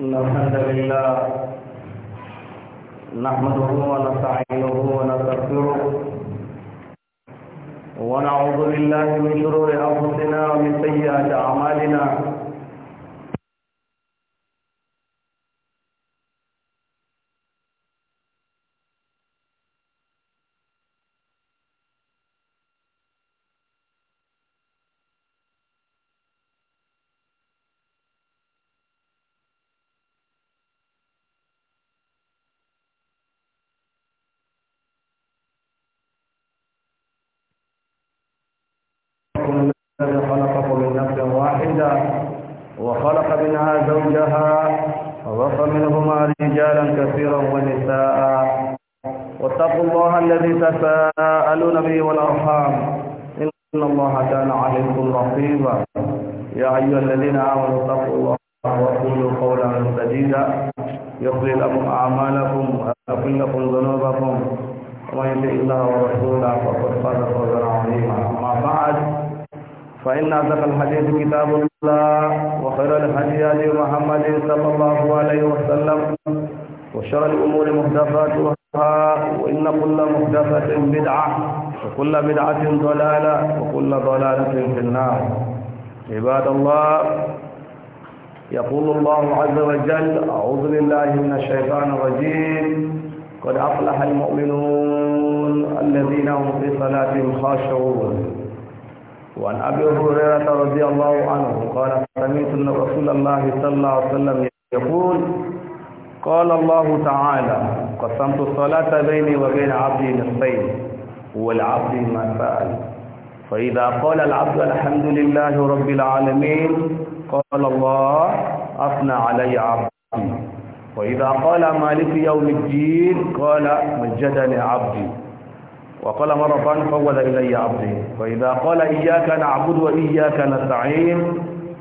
إن الحمد لله نحمده ونستعينه ونستغفره ونعوذ بالله من شرور أنفسنا ومن سيئات أعمالنا منها زوجها وبص منهما رجالا كثيرا ونساء واتقوا الله الذي تساءلون به والأرحام إن الله كان عليكم رقيبا يا أيها الذين آمنوا اتقوا الله وقولوا قولا سديدا يغفر لكم أعمالكم ويغفر لكم ذنوبكم ومن يطع الله ورسوله فقد فاز فوزا عظيما أما بعد فإن أصدق الحديث كتاب الله وخير الحديث هدي محمد صلى الله عليه وسلم وشر الأمور محدثاتها وإن كل محدثة بدعة وكل بدعة ضلالة وكل ضلالة في النار عباد الله يقول الله عز وجل أعوذ بالله من الشيطان الرجيم قد أفلح المؤمنون الذين هم في صلاتهم خاشعون وعن أبي هريرة رضي الله عنه قال سمعت رسول الله صلى الله عليه وسلم يقول قال الله تعالى قسمت الصلاة بيني وبين عبدي نصفين والعبد ما سأل فإذا قال العبد الحمد لله رب العالمين قال الله أثنى علي عبدي وإذا قال مالك يوم الدين قال مجدني عبدي وقال مرة فول إلي عبدي فإذا قال إياك نعبد وإياك نستعين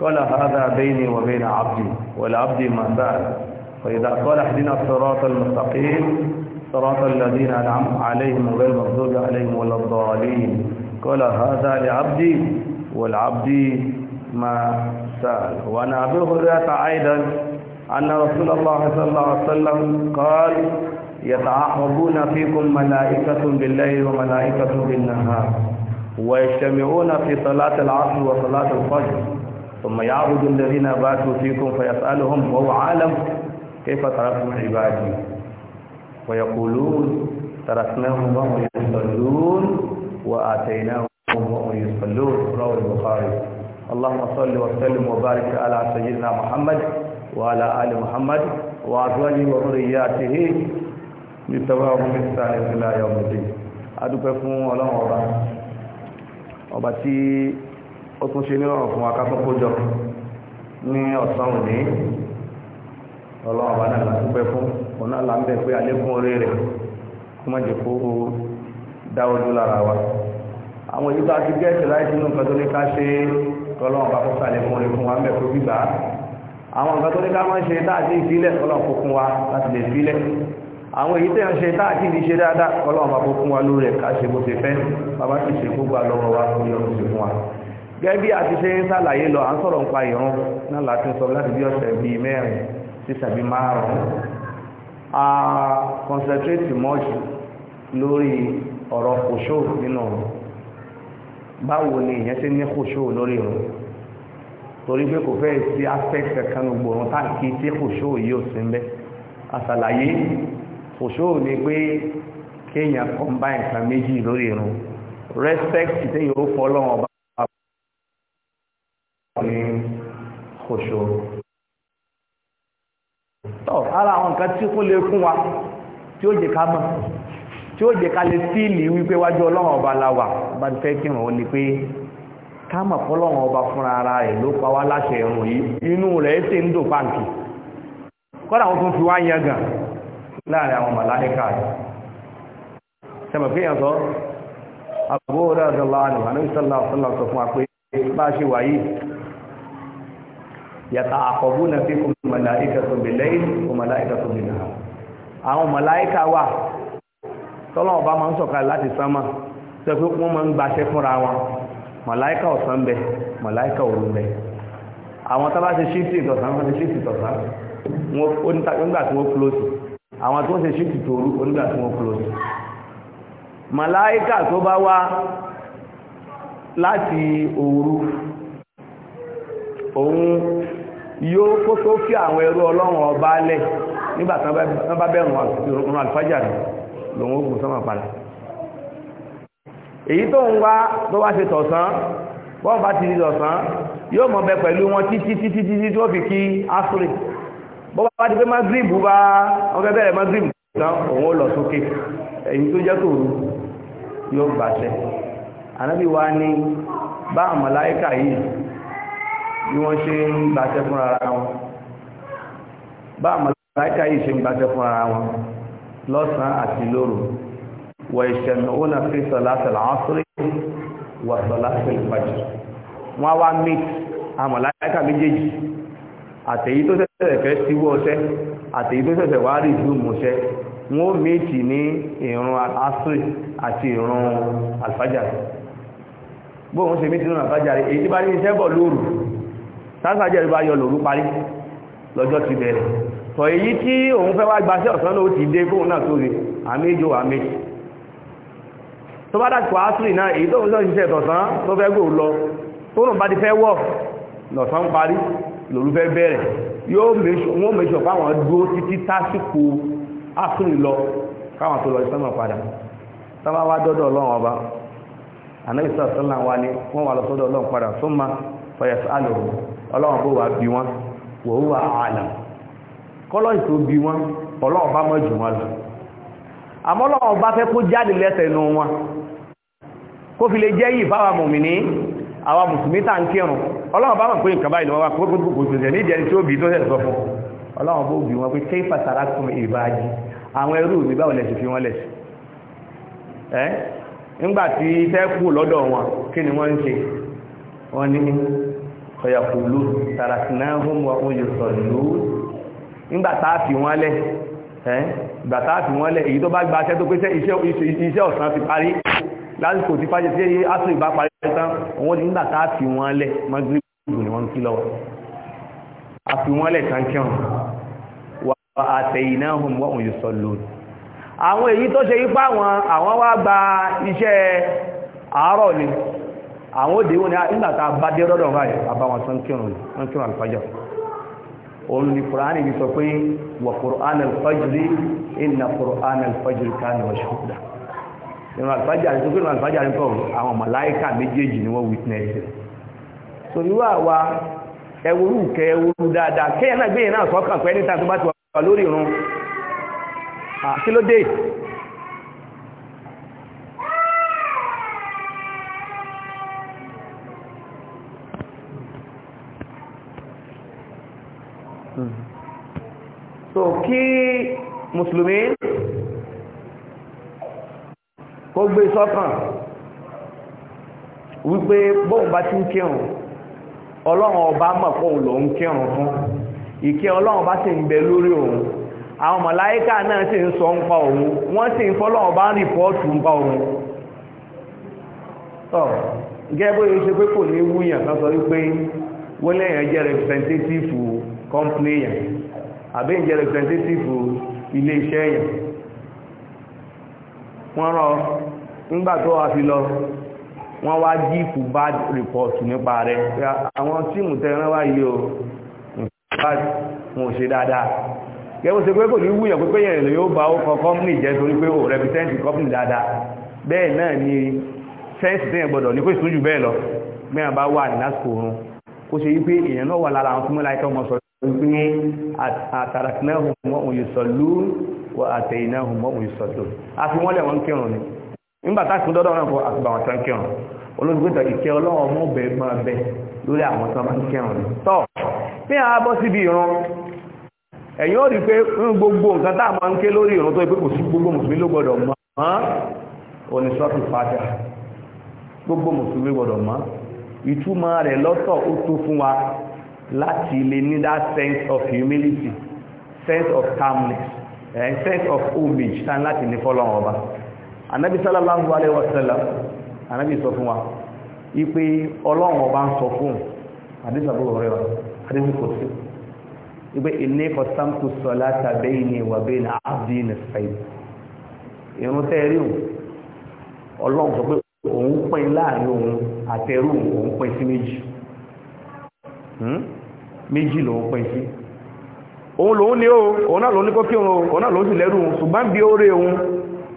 قال هذا بيني وبين عبدي ولعبدي ما سأل فإذا قال اهدنا الصراط المستقيم صراط الذين أنعم عليهم غير المغضوب عليهم ولا الضالين قال هذا لعبدي والعبد ما سأل وأنا أبي هريرة أيضا أن رسول الله صلى الله عليه وسلم قال يتعاقبون فيكم ملائكة بالليل وملائكة بالنهار ويجتمعون في صلاة العصر وصلاة الفجر ثم يعبد الذين باتوا فيكم فيسألهم وهو عالم كيف تركتم عبادي ويقولون تركناهم وهم يصلون وآتيناهم وهم يصلون رواه البخاري اللهم صل وسلم وبارك على سيدنا محمد وعلى آل محمد وأزواجه وذرياته ní sọ́wọ́ ọmọ mẹ́ta ìrìnlẹ̀ ayọ̀ ọmọdé adúpẹ́ fún ọlọ́run ọba ọba tí ó tún ṣe nírọ̀rùn fún akásọ́kójọ ní ọ̀sán òní ọlọ́run ọba náà látúpẹ́ fún ọ̀nà làǹbẹ̀ pé àlékún orí rẹ̀ kó má jẹ́ kó dá ojú lára wa àwọn èyí tó a ti gẹ́ẹ̀sì láì sínú nǹkan tó ní ká ṣe ọlọ́run ọba kó sàlékún orí fún wa mẹ́kọ̀ọ́ àwọn èyí tẹ́ ń ṣe táà kí ní ṣe dáadáa ọlọ́run bàbá fún wa lórí ẹ̀ka ṣe bó ṣe fẹ́ bàbá ti ṣe gbogbo àlọ́wọ́ wa fún yọ ṣe fún wa gẹ́gẹ́ bí a ti ṣe ń ṣàlàyé lọ à ń sọ̀rọ̀ nípa ìran náà láti sọ láti bí ọ̀sẹ̀ bíi mẹ́rin sí sàbí márùn-ún a concentrate much lórí ọ̀rọ̀ kòṣó nínú báwo ni ìyẹn ṣe ní kòṣó lórí ìrun torí pé kò fẹ́ sí aspect kankan gbogbo ọ̀run táàkì tí kòṣó yìí ò sí ń bẹ́ àṣàlàyé fòṣó ni pé kéèyàn combine kan méjì lórí irun respect tí yóò fọ́lọ́wọ́n bá ní fòṣó tọ́ ara àwọn nǹkan tí kún lè kún wa tí ó jẹ ká mọ̀ tí ó jẹ ká lè fíìlì wípé wájú ọlọ́run ọba la wà bá ti fẹ́ kírun ó ní pé ká mọ̀ fọ́lọ́run ọba fúnra ara rẹ̀ ló pa wá láṣẹ ìrùn yìí inú rẹ̀ sì ń dò pàǹkì kọ́dà wọn tún fi wá yan gan láàrin àwọn màláíkà rẹ̀ sẹ́mọ̀ pé yàn sọ àbúrò rẹ̀dọ̀lá ànù àníṣọ́lá ọ̀sọ́lá sọ fún wa pé bá ṣe wà yìí yàtà àkọ̀bú na fi kún màláíkà tó bè lẹ́yìn kún màláíkà tó bè náà àwọn màláíkà wà tọ́lọ́ ọba máa ń sọ̀ka láti sánmà sọ pé wọ́n máa ń gbaṣẹ́ fúnra wọn màláíkà ọ̀sán bẹ màláíkà òru bẹ àwọn tábà ṣe ṣíìtì ìtọ̀sán wọ́n ṣe ṣíìtì ìtọ̀sán wọ́n nígbà tí wọ́n kúlóòtù àwọn tó ń ṣe ṣíkì tòru onígbà tí wọ́n kúrò màláíkà tó bá wá láti òru òun yóò kó tó fi àwọn ẹrú ọlọ́run ọba lẹ̀ nígbà tí wọ́n bá bẹ̀rùn ọ̀run àlùfájà rẹ̀ lòun ó gùn sọ́mà padà èyí tó ń wá tó wá ṣe tọ̀sán bọ́ọ̀ bá ti di tọ̀sán yóò mọ̀ bẹ pẹ̀lú wọn títí títí títí tó fi kí áfíríkì bọ́ bá ti pé magrib bá wọ́n fẹ́ bẹ̀rẹ̀ magrib tán òun ó lọ sókè èyí tó jẹ́ tòru yóò gbàṣẹ ànábì wa ní bá àwọn màláíkà yìí bí wọ́n ṣe ń gbàṣẹ fúnra ara wọn bá àwọn màláíkà yìí ṣe ń gbàṣẹ fúnra ara wọn lọ́sàn-án àti lóru wọ ìṣẹ̀mẹ̀wọ́n fi sọ̀lásọ̀lá ọ́sọ́rí wọ sọ̀lásọ̀lá ìfàjì wọ́n wá mít àmọ̀láíkà méjèèjì àtẹ̀yí tó ṣẹ̀ṣẹ̀ fẹ́ síwọ́ ọṣẹ́ àtẹ̀yí tó ṣẹ̀ṣẹ̀ wá rí zoom ọṣẹ́ wọ́n méjì ní ìrun asri àti ìrun alfajari bóun ṣe méjì nínú alfajari èyí tí bá ní iṣẹ́ bọ̀ lóru sáfàjẹ́ bá yọ lóru parí lọ́jọ́ ti bẹ̀rẹ̀ tọ̀ èyí tí òun fẹ́ wá gbaṣẹ́ ọ̀sán ló ti dé fóun náà sóre àméjò àméjì tó bá dàpọ̀ asri náà èyí tó ń sọ lọ́sàn parí lòlúfẹ́ bẹ̀rẹ̀ yóò fáwọn títí tásìkò lọ káwọn tó lọ ìsánà padà sábà wá dọ́dọ̀ ọlọ́run ọba anábìsà sọ́là wa ni wọ́n wà lọ́sọ́dọ̀ ọlọ́run padà súnmọ́ fọyẹ̀sì alòrò ọlọ́run bó wà bí wọn wò wà àlà kọ́lọ́ ìtò bí wọn ọlọ́run bá jù wọn lọ àmọ́ ọlọ́run bá fẹ́ kó jáde lẹ́sẹ̀ wọn kó fi lè jẹ́ ọlọ́run bá mọ̀ pé nǹkan báyìí ni wọ́n wá kó gbogbo kò tẹ̀lé ìdí ẹni tí ó bí tó sẹ̀sọ fún ọlọ́run bó bí wọn pé ké fàtàrà tún ìbájí àwọn ẹrú mi báwọn lẹ̀sì fi wọ́n lẹ̀sì ẹ́ nígbà tí fẹ́ kú lọ́dọ̀ wọn kí ni wọ́n ń ṣe wọ́n ní ọ̀yàkùlù tàràtìnáhùn wọn yóò sọ lù nígbà tá a fi wọ́n lẹ̀ ẹ́ ìgbà tá a fi wọ́n lẹ̀ èyí tó bá gba iṣẹ́ tó pé iṣẹ́ ọ̀sán ti parí lásìkò tí fájẹ tí aṣọ ìbá parí tán wọ́n ti nígbà tá a fi wọ́n lẹ̀ mọ́gírìbù ni wọ́n ń kí lọ́wọ́ a fi wọ́n lẹ̀ kankan wà àtẹ̀yìn náà hùn wọ́n yóò sọ lónìí àwọn èyí tó ṣe ipá wọn àwọn wá gba iṣẹ́ ìrìn àlùfájà ní sókè ìrìn àlùfájà ní kọ́ àwọn màláìkà méjèèjì ni wọ́n witness so irú àwa ẹwúrú kẹ ẹwúrú dáadáa kéèyàn náà gbéyàn náà sọ́kàn pé ní tàbí bá ti wà lórí irun kí ló so kí mùsùlùmí kó gbé sọ́kàn wípé bóun bá ti ń kírun ọlọ́run ọba mọ̀ pé òun lòun kírun fún ìkẹ́ ọlọ́run bá sì ń bẹ lórí òun àwọn mọ̀láíkà náà sì ń sọ ń pa òun wọ́n sì ń fọ́lọ́run bá ń rìpọ́ọ̀tù ń pa òun tọ́ gẹ́gbó yóò ṣe pé kò ní wúyàn kan sọ wípé wọ́n lẹ́yìn jẹ́ representative company yẹn àbí ìjẹ́ representative ilé iṣẹ́ yẹn wọ́n rọ nígbà tó wá fi lọ wọ́n wá jíìpù bad report nípa rẹ̀ àwọn tíìmù tẹ́ran wá yìí o wọn ò ṣe dáadáa gẹ́gbó ṣe pé kò ní wúyàn pé péyàn lè yóò bá ọkọ̀ company jẹ́ torí pé ò represent company dáadáa bẹ́ẹ̀ náà ni sense tẹ́yàn gbọ́dọ̀ ní pé ìsúnjù bẹ́ẹ̀ lọ mẹ́rin bá wà ní lásìkò oorun kó ṣe wípé èèyàn náà wà lára àwọn tí mọ́láìkọ́ sọ àtẹ̀yìnáhùn mọ́mù ìsọ̀tò àfi wọ́n lẹ̀ wọ́n kírùn ní nígbàtà fún dọ́dọ̀ náà fún àtìgbà wọn tán kírùn olóògbétà ìkẹ́ ọlọ́run ọmọ ọbẹ̀ máa bẹ lórí àwọn tán bá ń kírùn ní tọ́ bí a bọ́ síbi ìrun ẹ̀yìn ó rí pé gbogbo nǹkan tá a máa ń ké lórí ìrun tó pé kò sí gbogbo mùsùlùmí ló gbọdọ̀ mọ́ oníṣọ́ọ̀tì fàájà gbogbo mùsùlùmí gbọdọ̀ mọ́ ìtumọ̀ rẹ̀ lọ́tọ̀ ó tó fún wa láti lè ní that sense of humility sense of calmness eh, sense of homage tán láti ní fọ́lọ́wọ́n ọba anabi sallallahu alaihi wasallam anabi sọ fún wa ipe ọba ń sọ fún àdísàbò rẹ̀ wà àdísàbò ipe inni qasamtu salata bayni wa bayna abdi nisfayn irun tẹ́ẹ̀rí ọlọ́wọ́n sọ pé òun pín láàrin òun àtẹrù òun si meji meji. Meji lòun òun lòun ni o òun náà lòun ní kó kí òun òun náà lòun sì lẹ́rù òun ṣùgbọ́n bí ó òun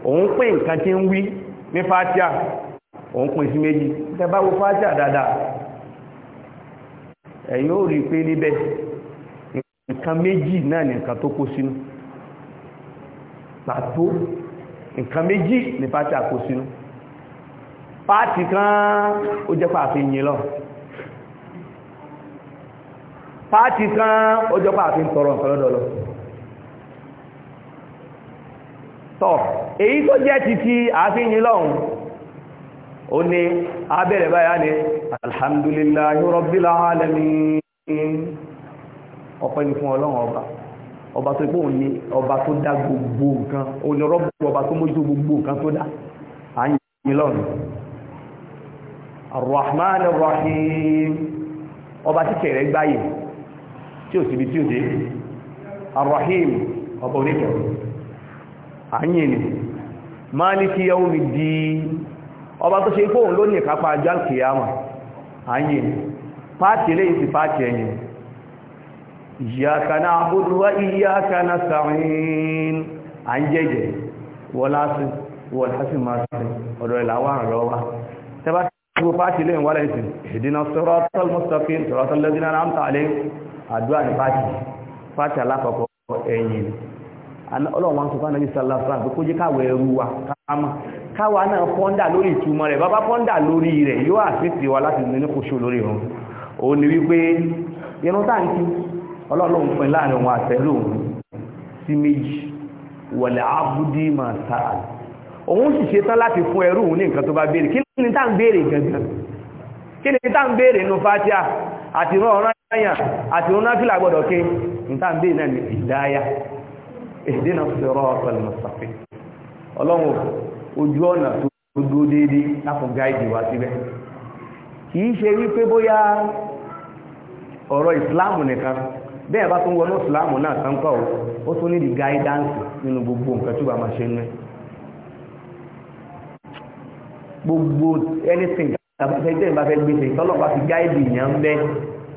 òun nǹkan tí ń wí ní fátíà òun pè sí méjì tẹ́ bá wo fátíà dáadáa ẹ̀yin ó rí pé níbẹ̀ nǹkan méjì náà ní nǹkan tó kó sínú pàtó nǹkan ó jẹ́ pàfihàn lọ́wọ́ pàtì kan ọjọ́ pàtì ń tọrọ nǹkan lọ́dọ̀ lọ tọ́ èyí tó jẹ́ títí àfihàn lọ́hun ó ní abẹ́rẹ̀ báyá ní alhamdulillahi rabbil alamin ọpẹ́ ni fún ọlọ́run ọba ọba tó pé òun ni ọba tó dá gbogbo nǹkan òun ni rọ́bù tí ò síbi tí ó dé arrahim ọba oníkẹ̀ àyìnì maliki yawmi ddin ọba tó ṣe ipò òun ló ní ìkápá ajal kìyàmà àyìnì pàtì lè ìsì pàtì ẹ̀yìn iyyaka na'budu wa iyyaka nasta'in àyíjẹ́jẹ́ wọ́lásí wọ́lásí máa sẹ́yìn ọ̀dọ̀ ìlàwọ̀ àrọ̀wà mustaqim siratal ladina an'amta àdúrà ní pàtì pàtì alákọ̀ọ́kọ́ ẹ̀yìn ọlọ́run wọn sọ fún anábì sálà fún àgbẹ̀ kó jẹ́ káwọ̀ ẹrú wa káàmà káwà náà pọ́ndà lórí ìtumọ̀ rẹ̀ bàbá pọ́ndà lórí rẹ̀ yóò àṣẹ́sì wa láti nínú kóṣó lórí irun òun ni wípé irun táǹkì ọlọ́run láàrin wọn sí méjì abúdí máa òun sì ṣe tán láti fún ẹrú òun ní nǹkan tó bá béèrè kí ni tá ń béèrè àyàn àti òun náà nke gbọ́dọ̀ ké nítàbí náà ní ìdáyà ìdínà sọ̀rọ̀ ọ̀tọ̀lùmọ̀sàfẹ́ ọlọ́run ojú ọ̀nà tó gbogbo dédé láfún gáìdì wá síbẹ̀ kìí ṣe wípé bóyá ọ̀rọ̀ ìsìláàmù nìkan bẹ́ẹ̀ bá tún wọnú ìsìláàmù náà sánkọ́ ó tún ní nínú gbogbo nǹkan tó bá máa ṣe nú gbogbo anything tàbí ẹgbẹ́ ìbáfẹ́ tọ́lọ́pàá ti gáìdì bẹ́ẹ̀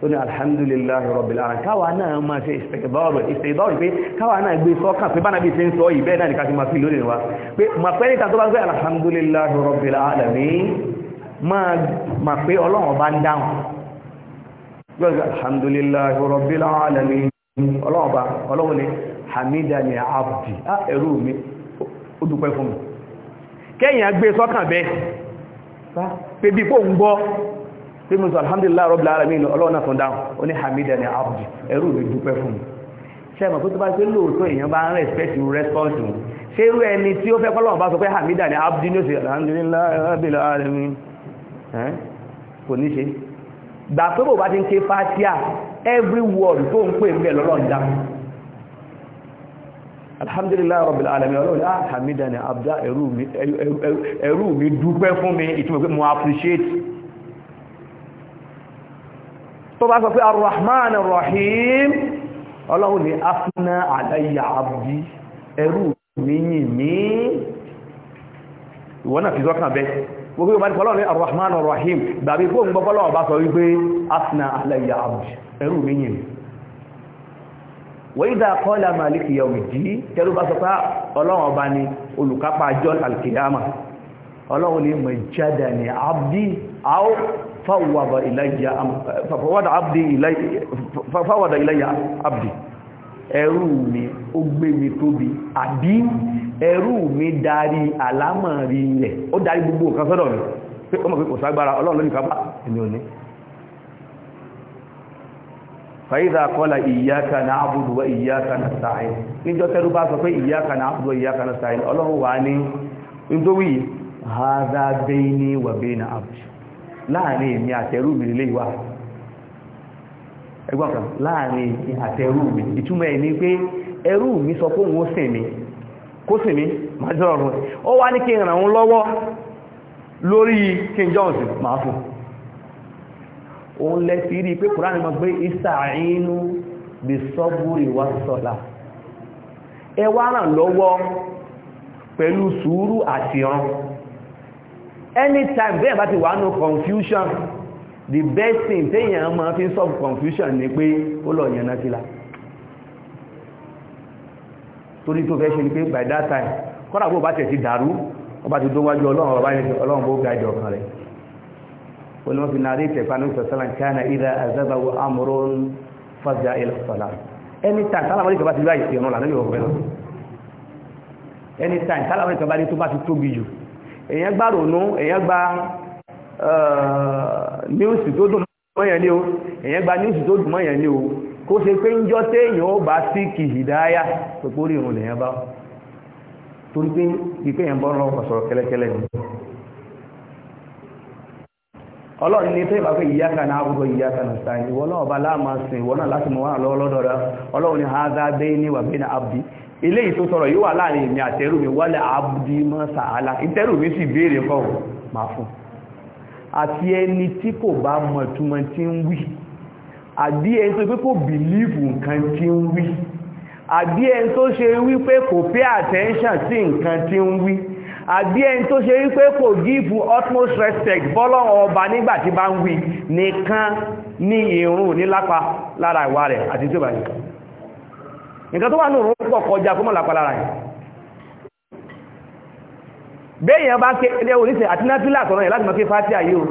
tó ní alhamdulillahi rabbil alamin káwà náà máa ṣe ìsẹ̀kẹ̀bọ̀rọ̀ ìsẹ̀kẹ̀bọ̀rọ̀ pé káwà náà gbé sọ́kàn pé bánàbí ti ń sọ ìbẹ́ náà nìkan ti máa fi lónìí wa pé ma pẹ́ níta tó bá gbé alhamdulillahi rabbil alamin ma pé ọlọ́run bá ń dáhùn gbọ́gbẹ́ alamin ọlọ́run bá ọlọ́run ni hamidani abdi ẹrú mi ó dúpẹ́ fún mi kẹ́yìn agbé sọ́kàn bẹ́ẹ̀ pé bí tí mo sọ alhamdulillah rabbil alamin ọlọ́run náà tún dáhùn hamida ní hamidani abdi ẹrú mi dúpẹ́ fún mi ṣe mọ̀ pé tó bá ṣe lóòótọ́ èèyàn bá ń respect you response mu ṣé irú ẹni tí ó fẹ́ kọ́lọ́run bá sọ pé hamidani abdi ní ó alhamdulillah rabbil alamin kò ní ṣe gbà pé bò bá ti ń ké fatia every word alhamdulillah rabbil alamin ọlọ́run ah hamidani abda ẹrú mi dúpẹ́ fún mi ìtumọ̀ pé mo appreciate tó bá sọ pé arrahman rahim ọlọ́run ni afna alayya abdi ẹrú mi yìn mí ìwọ́n náà fi sọ́kàn bẹ́ gbogbo ìbá ní pọ̀lọ́run ni arrahman rahim dàbí fóòmù gbọ́gbọ́lọ́wọ́ bá sọ wípé afna alayya abdi ẹrú mi yìn mí wẹ́yìdá kọ́lá màálìkì yà òmìdí bá sọpá ọlọ́run ọba ni olùkápá john alkiyama ọlọ́run ni mọ̀ jádà abdi fawada ilayya fawada abdi ilayya fawada ilayya abdi ẹrú mi ó gbé mi tóbi àbí ẹrú mi darí àlámọ̀rí ilẹ̀ ó darí gbogbo nǹkan sọ́dọ̀ mi pé ó mọ̀ pé kò ságbára Ọlọ́run lónìí kápá èmi ò ní fàíza kọ́lá iyyaka na'budu wa iyyaka nasta'in níjọ́ tẹ́rú bá sọ pé iyyaka na'budu wa iyyaka nasta'in Ọlọ́run wà ní nítorí hadha bayni wa bayna abdi láàrin èmi àtẹrú mi lè wà ẹgbọ́nkan láàrin àtẹrú mi ìtumọ̀ ẹ̀ pé ẹrú mi sọ pé òun ó sìn mi kó sìn mi máa jọ ọ̀rùn ẹ̀ ó wá ní kí n ràn lọ́wọ́ lórí king jones máa fún òun lẹ ti rí pé kùránì máa gbé ìsàínú bí sọ́búrì wá sọ́lá ẹ wá ràn lọ́wọ́ pẹ̀lú sùúrù àti ọ̀rùn anytime bẹ́ẹ̀ bá ti wà nù confusion the best thing téèyàn máa fi solve confusion ni pé ó lọ yànnà fìlà torí tó fẹ́ ṣe ni pé by that time kọ́nà bó bá tẹ̀ ti dàrú ọba ti dówájú ọlọ́run ọba ní ọlọ́run bó ga ìjọ kan rẹ̀ ó ní wọ́n fi nàárí ìtẹ̀fà ní ìfẹ̀sọ́làn káàna ìdá àzábàwò amúrún fàjà ìlọ́sọ̀lá anytime tálàmọ́lì kan bá ti bá ìsìn ọ̀nà lànà yóò fẹ́ lọ anytime tálàmọ́lì kan bá ní tó èyàn gbà rònú èyàn gba níwùsì tó dùn mọ́yàn ní o èyàn gba níwùsì tó dùn mọ́yàn ní o kó ṣe pé ń jọ téèyàn ó bá sí kì hìdáyà tó pórí bá torí pé ìpé èyàn bọ́ lọ́wọ́ sọ̀rọ̀ ni ọlọ́run ní náà náà sáyẹn ìwọ náà ọba eléyìí tó sọ̀rọ̀ yóò wà láàrin ìmì àtẹ́rù mi wálẹ̀ àbúdí mọ́ sàálà ìtẹ́rù mi sì béèrè kọ́ ma fún àti ẹni tí kò bá mọ̀ túnmọ̀ tí ń wí àbí ẹni tó pé kò bìlífù nǹkan tí ń wí àbí ẹni tó ṣe wípé kò pay attention sí nǹkan tí ń wí àbí ẹni tó ṣe wípé kò give utmost respect bọ́lọ́wọ́ ọba nígbà tí bá ń wí nìkan ní ìrun nílápa lára ìwà rẹ̀ àti tí ó bá nǹkan tó wà nù rúpọ̀ kọjá kó mọ̀lá palára yìí bẹ́yìn bá ké ilé oníṣẹ́ àti náfílà tọ̀rọ yẹn láti mọ̀ kí fàtí ayé o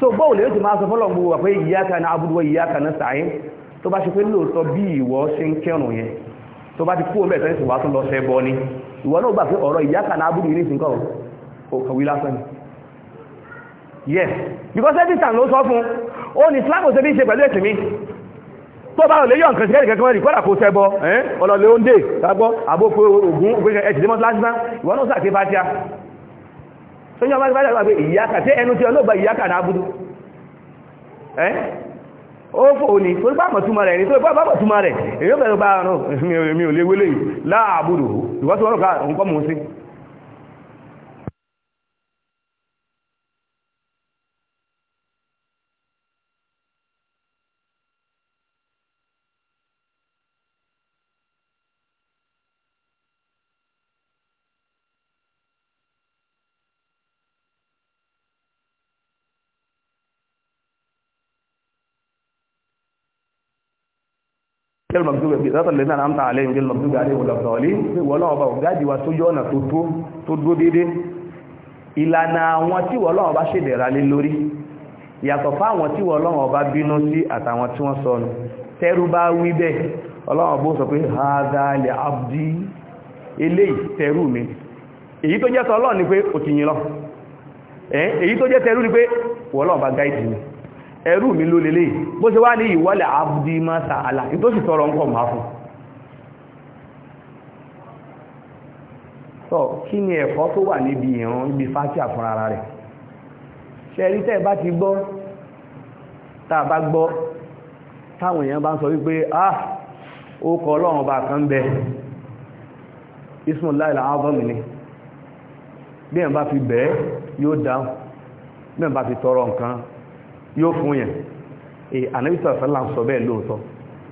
so bọ́ọ̀ lè ti máa sọ fọ́lọ̀ gbogbo pé iyyaka na'budu wa iyyaka nasta'in tó bá ṣe pé lóòótọ́ bí ìwọ ṣe ń kẹrùn yẹn tó bá ti kú omi ẹ̀tọ́ ìsìnwá tún ni ìwọ náà gbà pé yes because every time ló sọ fún ó ní Islam mi tó bá lè yọ nǹkan sí kẹ́rìkẹ́ kẹ́rìkẹ́ kọ́lá kó sẹ́bọ ọlọ́lẹ̀ oúnjẹ tàbọ́ àbófo ogun ògbésẹ̀ ẹ̀tì démọ́ lásán ìwọ́n náà sàké bá tíá tó yọ bá tíá pé ìyáka tí ẹnu tí ọlọ́gbà ìyáka náà búdú ó fò ní tó bá mọ̀túnmọ̀ rẹ̀ ní tó bá mọ̀túnmọ̀ rẹ̀ èyí ó bẹ̀rẹ̀ bá rán mi ò lè wélé láàbùdù ìwọ́n tó wọ́n kẹ́lù mọ̀gbẹ́gbẹ́ bí látọ̀ lẹ́nà náà ń tàn àlẹ́yìn kẹ́lù mọ̀gbẹ́gbẹ́ àlẹ́wò lọ́pọ̀lọ́lé pé wọ́n náà bá gáàdì wa tó yọ́nà tó tó tó dúró déédé ìlànà àwọn tí wọ́n náà bá ṣèdẹ̀ra lé lórí yàtọ̀ fáwọn tí wọ́n náà bá bínú sí àtàwọn tí wọ́n sọnù tẹ́rú bá wí ẹrú mi ló lélé bó ṣe wá ní ìwọ́lẹ̀ abúdí máa sàálà ní tó sì tọrọ ń kọ̀ máa fún sọ kí ni ẹ̀kọ́ tó wà níbi ìran ibi fásí àfúnrara rẹ̀ ṣe rí tẹ́ bá ti gbọ́ tàà bá gbọ́ táwọn èèyàn bá ń sọ wípé ah ó kọ ọlọ́run bá kan bẹ bí ẹ̀ bá fi bẹ̀ẹ́ yóò dáhùn bí ẹ̀ bá fi tọrọ nǹkan yóò fún yẹn ànábìsà sálàm sọ bẹ́ẹ̀ lóòótọ́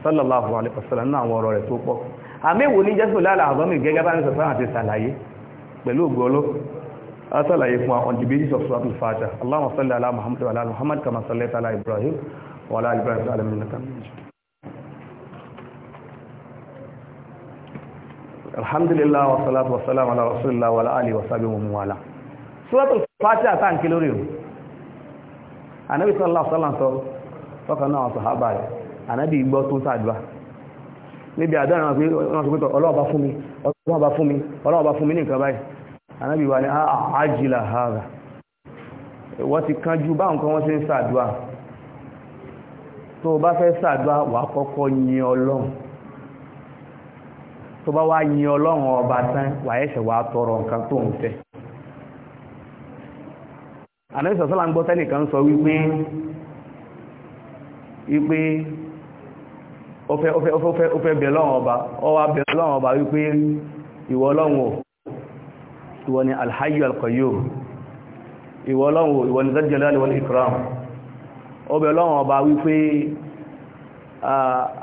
sallallahu alaihi wasallam náà àwọn ọ̀rọ̀ rẹ̀ tó pọ̀ àmẹ́wò ní jésù lára àbọ́mì gẹ́gẹ́ bá ń sọ sáà àti sàlàyé pẹ̀lú ògbọ́lọ́ asàlàyé fún on the basis of suratul fatiha allahumma salli ala muhammad wa ala muhammad kama sallaita ala ibrahim wa ala ibrahim wa ala minnaka alhamdulillah wa salatu wa salam ala rasulillah wa alihi wa sahbihi wa man wala suratul fatiha san kilori ànábì sallallahu alaihi wasallam sọ ọkàn náà sàhábà rẹ̀ ànábì gbọ́ tó sàdúrà níbi àdúrà náà pé wọ́n sọ pé Ọlọ́run bá fún mi Ọlọ́run bá fún mi Ọlọ́run bá fún mi ní nǹkan báyìí ànábì wà ní àjílà hàrà wọ́n ti kánjú bá nǹkan wọ́n ṣe ń sàdúrà tó bá fẹ́ sàdúrà wà kọ́kọ́ yin Ọlọ́run tó bá wá yin Ọlọ́run ọba tán wà ẹ̀ṣẹ̀ wà tọrọ nǹkan tó ànábì sọ̀sọ́lá ń gbọ́ tẹ́nìkan sọ wípé wípé ọfẹ́ ọfẹ́ ọfẹ́ ọfẹ́ bẹ̀ lọ́wọ́ ọba ọwá bẹ̀ lọ́wọ́ ọba wípé ìwọ ọlọ́wọ́ ìwọ ni alhayu alqayyum ìwọ ọlọ́wọ́ ìwọ ni zajalali wal ikram ọbẹ̀ lọ́wọ́ ọba wípé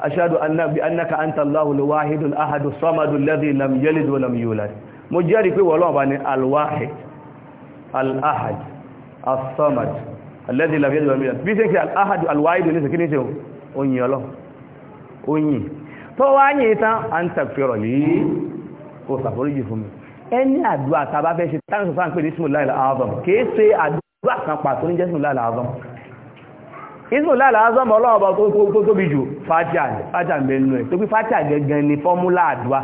ashadu annabi annaka anta allahu alwahidul ahadu samadu alladhi lam yalid wa lam yulad mo jẹ́rìí ni alwahid as-samad alladhi lam yalid wa lam yulad bí ṣe kí al-ahad al-wahid ní sèkí ní ṣe oyin ọlọ́ oyin tó wá yìí tán à ń tàfẹ́rọ̀ lè kò sàforíjì fún mi ẹni àdúrà tàbá fẹ́ ṣe tánà sọ́sán pé ní ismullahi al-azam kìí ṣe àdúrà kan pàtó ní jẹ́ ismullahi al-azam ismullahi al-azam ọlọ́run ọba tó tóbi jù fájà mẹ́nu ẹ̀ tó pí fájà gẹ́gẹ́ ni fọ́múlà àdúrà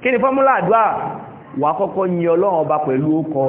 kí ni fọ́múlà àdúrà wà kọ́kọ́ yin ọlọ́run ọba pẹ̀lú ó kọ́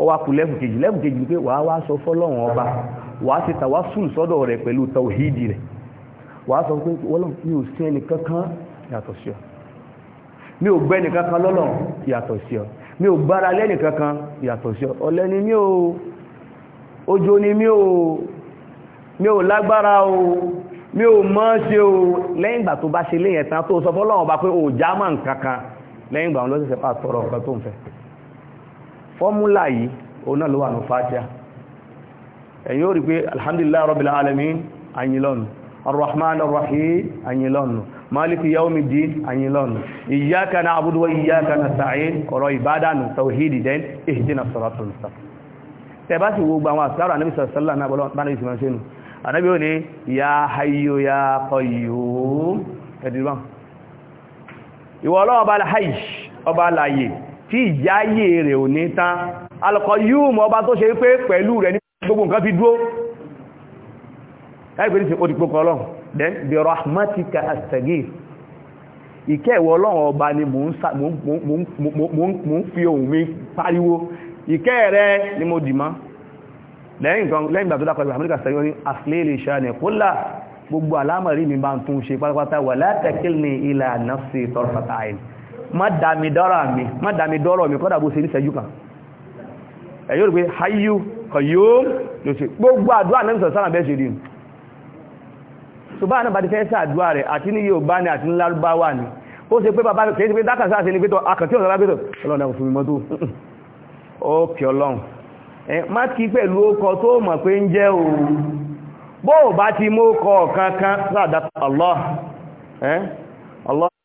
ó wá kú lẹ́fù kejì lẹ́fù kejì pé wàá wá sọ fọ́lọ́run ọba wàá ti tawassul sọ́dọ̀ rẹ̀ pẹ̀lú tawhidi rẹ̀ wàá sọ pé Ọlọ́run mi ò sí ẹnì kankan yàtọ̀ sí ọ mi ò gbẹ́ nìkan kan lọ́lọ́ yàtọ̀ sí ọ mi ò gbára lẹ́nì kankan yàtọ̀ sí ọ ọ̀lẹ ni mi ò ojo ni mi ò lágbára o mi ò mọ̀ ṣe o lẹ́yìn ìgbà tó bá ṣe léyìn ẹ̀tàn tó sọ fọ́lọ́run ọba pé ò já mọ́ nǹkan lẹ́yìn ìgbà wọn lọ́sẹ̀sẹ̀ pàtọ́rọ̀ nǹkan tó ń fẹ́ fọ́múlà yìí o náà ló wà ní fàtíà ẹ̀yìn ó rí pé alhamdulillah rabbil alamin ayinlọ́nù arrahman arrahim ayinlọ́nù maliki yawmiddin ayinlọ́nù iyyaka na'budu wa iyyaka nasta'in ọ̀rọ̀ ìbádànù tawhidi den ihdina siratal mustaqim tẹ́bá sì wo tí ìyáyé rẹ̀ ò ní tán alọ́kọ̀ yóò mọ́ ọba tó ṣe pé pẹ̀lú rẹ̀ ní gbogbo nǹkan fi dúró láìpẹ́ níṣe òdìpò kọlọ́n then bi rahmatika astagir ìkẹ́ ìwọ ọlọ́run ọba ni mò ń fi ohùn mi pariwo ìkẹ́ rẹ̀ ni mo dìmá lẹ́yìn ìgbà tó dákọ̀ ìgbàmíríkà sẹ́yọ́ ní àfilélè ìṣà ní kólà gbogbo alámọ̀rí mi bá ń tún ṣe pátápátá wà látẹ̀kílì ní ilẹ̀ ànáfẹ́ tọ́rọ̀fàtà àìní má dàmì dọ́rọ̀ mi má dàmì dọ́rọ̀ mi kọ́dà bó ṣe ní ṣẹ́jú kan ẹ̀yọ́ rẹ̀ pé hayu Qayyum ló ṣe gbogbo àdúrà náà sọ̀sánà bẹ́ẹ̀ ṣe rí so bá náà bá ti fẹ́ sí àdúrà rẹ̀ àti ní Yorùbá ni àti ní Lárúbáwá ni ó ṣe pé bàbá kìí ṣe pé dákà sáà sí ní pẹ́tọ̀ akàtí ọ̀sán lágbẹ́tọ̀ ọlọ́run ẹ̀kùn fún mi mọ́tò ó kì ọlọ́run ẹ má Allah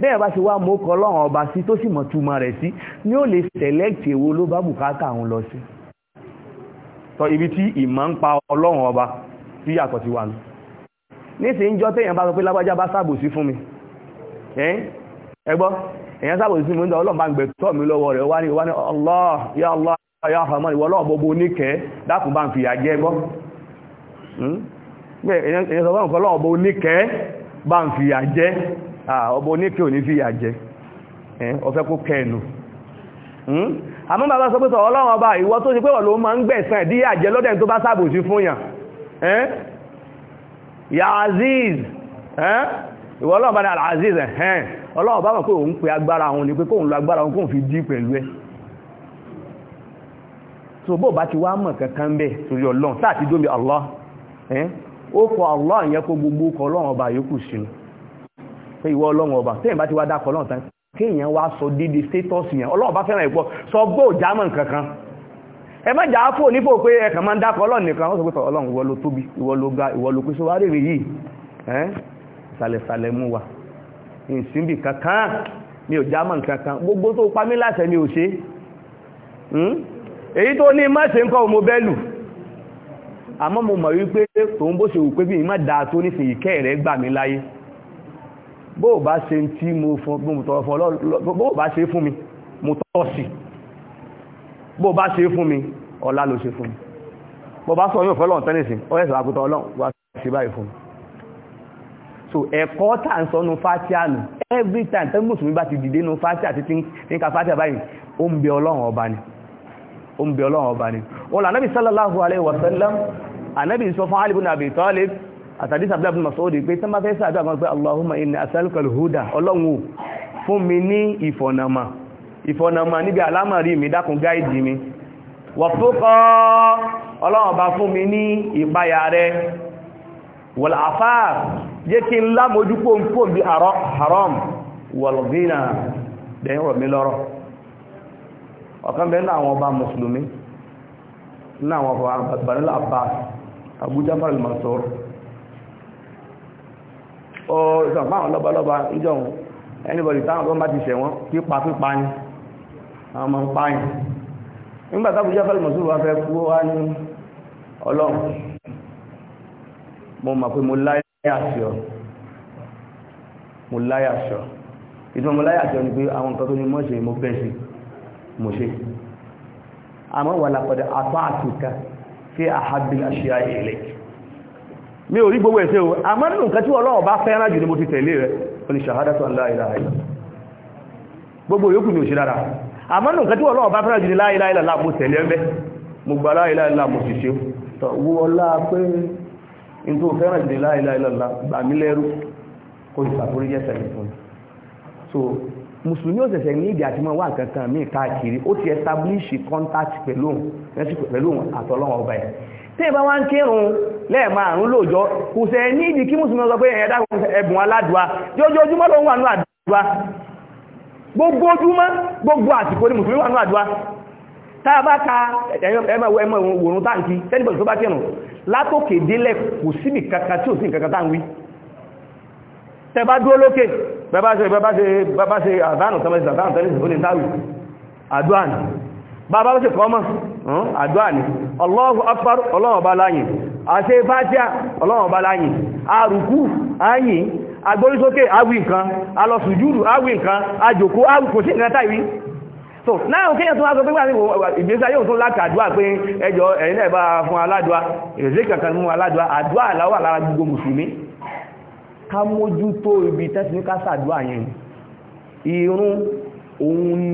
bẹ́ẹ̀ bá ṣe wá mọ́ kọ́ lọ́rùn ọba sí tó sì mọ̀ túmọ̀ rẹ̀ sí ni ó lè sẹ̀lẹ́kì èwo ló bá bùkátà òun lọ sí tọ́ ibi tí ìmọ̀ ń pa ọlọ́run ọba tí yàtọ̀ ti wà nù nísìnyí ń jọ téèyàn bá sọ pé lágbájá bá ṣàbòsí fún mi ẹgbọ́ èyàn ṣàbòsí fún mi ń ọlọ́run bá ń gbẹ̀ tọ́ mi lọ́wọ́ rẹ̀ wá ní wá ní Allah ya Allah ya Rahman ìwọ ọlọ́run gbogbo oníkẹ́ dákun bá ń fìyà jẹ gbọ́ hmm? èyàn sọ fún ọlọ́run ọbọ̀ oníkè ò ní fi yà jẹ ọfẹ́ kó kẹnu hmm? àmọ́ bàbá sọ pé tọ̀ ọlọ́run ọba ìwọ tó ṣe pé wọ́n ló máa ń gbẹ̀sán ẹ̀dí yà jẹ tó bá ṣàbòsí fún yàn aziz ìwọ ọlọ́run bá ní aziz ẹ̀hẹ́n ọlọ́run bá mọ̀ pé òun pe agbára òun ni pé kóun lo agbára òun kóun fi dí pẹ̀lú so bó bá ti wá mọ̀ kankan allah ó kọ allah ìyẹn kó gbogbo kọ ọlọ́run ọba yòókù sínú pé ìwọ ọlọ́run ọba tí èèyàn bá ti wá dákọ̀ náà tán kí èèyàn wá sọ dídí sétọ́ọ̀sì yẹn ọlọ́run bá fẹ́ràn ìpọ́ sọ gbọ́ òjámọ̀ kankan ẹ jà á fò nípò pé máa ń dákọ̀ ọlọ́run nìkan wọ́n sọ pé ọlọ́run tóbi ga wá rèrè yìí mú wa ìsìnbì kankan mi ò jámọ̀ kankan gbogbo tó pa mí láṣẹ mi ò hmm? èyí tó ní má ṣe bó o bá ṣe tí mo tọrọ fún ọlọ́run bó o bá ṣe fún mi mo tọ́ sí bó o bá ṣe fún mi ọlá ló ṣe fún mi bó o bá sọ yóò fọ́lọ́run tẹ́nìsì ọ̀rẹ́sì àkútọ ọlọ́run wá ṣe báyìí fún mi so ẹ̀kọ́ tà ń sọnu fátíà nù every time tẹ́ mùsùlùmí bá ti dìde nu fátíà títí ní ka fátíà báyìí ó ń bẹ ọlọ́run ọba ni ó ń bẹ ọlọ́run ọba ni wọn lànàbì sallallahu alayhi wa sallam ànàbì àtàdí sàbílá fún masoodi pé tán bá fẹ́ sàdá àwọn pé allahumma inni as'aluka al-huda ọlọ́run fún mi ní ìfọ̀nàmà ìfọ̀nàmà níbi alámàrí mi dákun gáìdì mi wọ̀fúkọ́ ọlọ́run bá fún mi ní ìpayà rẹ wọ̀láfà jẹ́ kí n lámojú pòǹpòǹ bí haram wọ̀lọ̀gbìnà dẹ̀yìn rọ̀ mi lọ́rọ̀ ọ̀kan bẹ́ẹ̀ náà àwọn ọba mùsùlùmí náà àwọn Abu Ja'far al ó sọ fáwọn lọ́balọ́ba ìjọun anybody táwọn kan bá ti ṣẹ̀wọ́n pípa pípa ni àwọn ọmọ ń pààyàn nígbà tábù jẹ́ fẹ́lẹ̀ mọ̀sùlù wá fẹ́ kú wá ní ọlọ́run mo mọ̀ pé mo láyà sí ọ mo láyà sí ọ ìtumọ̀ mo láyà sí ọ ni pé àwọn nǹkan tó ní mọ́ mo bẹ́ mo ṣe àmọ́ wà lápọ̀dẹ̀ mi ò rí gbogbo ẹ̀ṣẹ̀ o àmọ́ nínú nǹkan tí Ọlọ́run bá fẹ́ràn jù ní mo ti tẹ̀lé rẹ̀ ó ní ṣàhádàtù la ilaha illa gbogbo yòókù mi ò ṣe dára àmọ́ nínú nǹkan tí Ọlọ́run bá fẹ́ràn jù ní la ilaha illa mo tẹ̀lé ẹ̀mẹ́ mo gba la ilaha illa mo sì ṣe wo ọlá pé n tó fẹ́ràn jù ní la ilaha illa gbà mí lẹ́rú kó ìsàforí jẹ́ sẹ́yìn fún so mùsùlùmí ò ṣẹ̀ṣẹ̀ ní ìdí àti mọ́ wà kankan míì káàkiri ó ti establish contact pẹ̀lú òun àtọlọ́wọ̀n ọba ẹ̀ tí ìbá wá ń kírun lẹ́ẹ̀márùn lóòjọ́ kò sẹ ní ìdí kí mùsùlùmí sọ pé ẹ̀dá ẹ̀bùn aládùá jọjọjúmọ́ ló ń wà ní àdúrà gbogbo ojúmọ́ gbogbo àsìkò ní mùsùlùmí wà ní àdúrà tá a bá ka ẹmọ ẹmọ òwòrán táǹkì tẹ́lifọ̀sì tó bá kírun látòkè délẹ̀ kò síbì kankan tí ò sí nǹkan táǹwí tẹ bá dúró lókè bẹ́ẹ̀ bá ṣe àdánù tẹ́lifọ̀sì àdánù tẹ́lifọ̀sì ó lè dáwì àdúrà bàbá ó sì kọ́mọ̀ hmm? àdúà ní Allahu Akbar ọlọ́wọ̀n bá láyìn àṣẹ fàtíà ọlọ́wọ̀n bá láyìn àrùkú ayìn agbórísókè awì nǹkan alọ́sùjúrù awì nǹkan àjòkó awùkò sí nǹkan táìwí so náà òkè yẹn tó wáṣọ pípà ní ìgbésà yóò tún láti àdúà pé ẹjọ́ ẹ̀yìn náà bá fún aládùá èrè kankan mú aládùá àdúà aláwà lára gbogbo mùsùlùmí ká mójútó ibi tẹ́sí ní ká sàdúà yẹn irun òun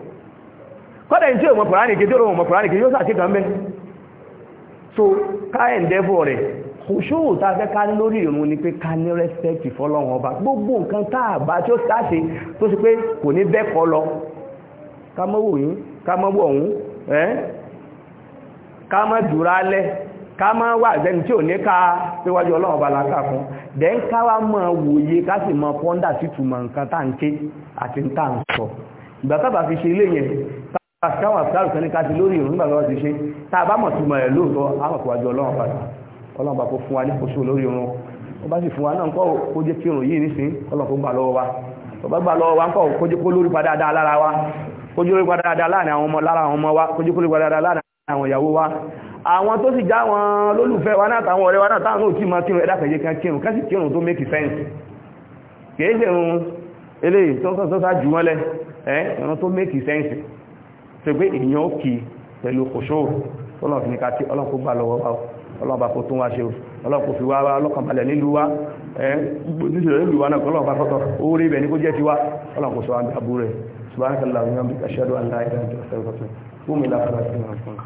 kọ́dà ní tí o mọ̀ kùránì kí tí o mọ̀ kùránì kí yóò sàtí kan bẹ́ so káyẹ̀ dẹ́fọ́ rẹ̀ ṣòṣòwò tá a fẹ́ ká lórí ìrun ni pé ká ní rẹ́spẹ̀tì fọ́lọ́run ọba gbogbo nǹkan táàbá tí ó sáṣe tó sì pé kò ní bẹ́ẹ̀kọ́ lọ ká mọ́ wò yín ká mọ́ wò ọ̀hún ẹ́ ká mọ́ dùrá lẹ́ ká mọ́ wà ìgbẹ́ni tí ò ní ká síwájú ọlọ́run ọba làákà fún fi ṣe ilé yẹn àṣìkáwà àṣìkáwà kan ní ká ti lórí ìrùn nígbàtí wọ́n ti ṣe tá a bá mọ̀ túnmọ̀ ẹ̀ lóòótọ́ àmọ̀kùwájú ọlọ́run padà ọlọ́run bá kó fún wa ní kóṣù lórí ìrùn ó bá sì fún wa náà kọ́ kó jẹ́ kí ìrùn yìí nísìn ọlọ́run kó gbà lọ́wọ́ wa tó bá gbà lọ́wọ́ wa kọ́ kó jẹ́ kó lórí padà dáa lára wa kó jẹ́ lórí padà dáa láàrin àwọn ọmọ lára àwọn ọmọ wa kó jẹ́ kó lórí eléyìí tó ń sọ́sọ́ sáájú lẹ ẹ̀ ẹ̀rọ tó make sense tó gbé èèyàn òkè pẹ̀lú kòṣó ọlọ́run fi ní ká tí ọlọ́run kó gbà lọ́wọ́ wa ọlọ́run bá kó tún wá ṣe o ọlọ́run kò fi wá wá ọlọ́kàn balẹ̀ nílùú wa ẹ̀ níṣẹ́ ìlú wa náà ọlọ́run bá kọ́tọ̀ orí ibẹ̀